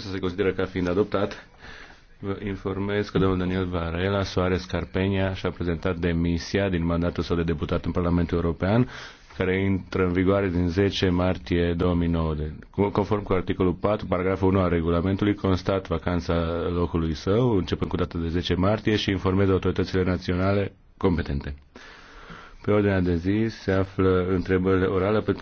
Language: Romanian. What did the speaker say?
acesta se consideră ca fiind adoptat. Vă informez că domnul Daniel Varela Soares Carpenia și-a prezentat demisia din mandatul său de deputat în Parlamentul European, care intră în vigoare din 10 martie 2009. Conform cu articolul 4, paragraful 1 al regulamentului, constat vacanța locului său, începând cu data de 10 martie, și informez autoritățile naționale competente. Pe ordinea de zi se află întrebările orale pentru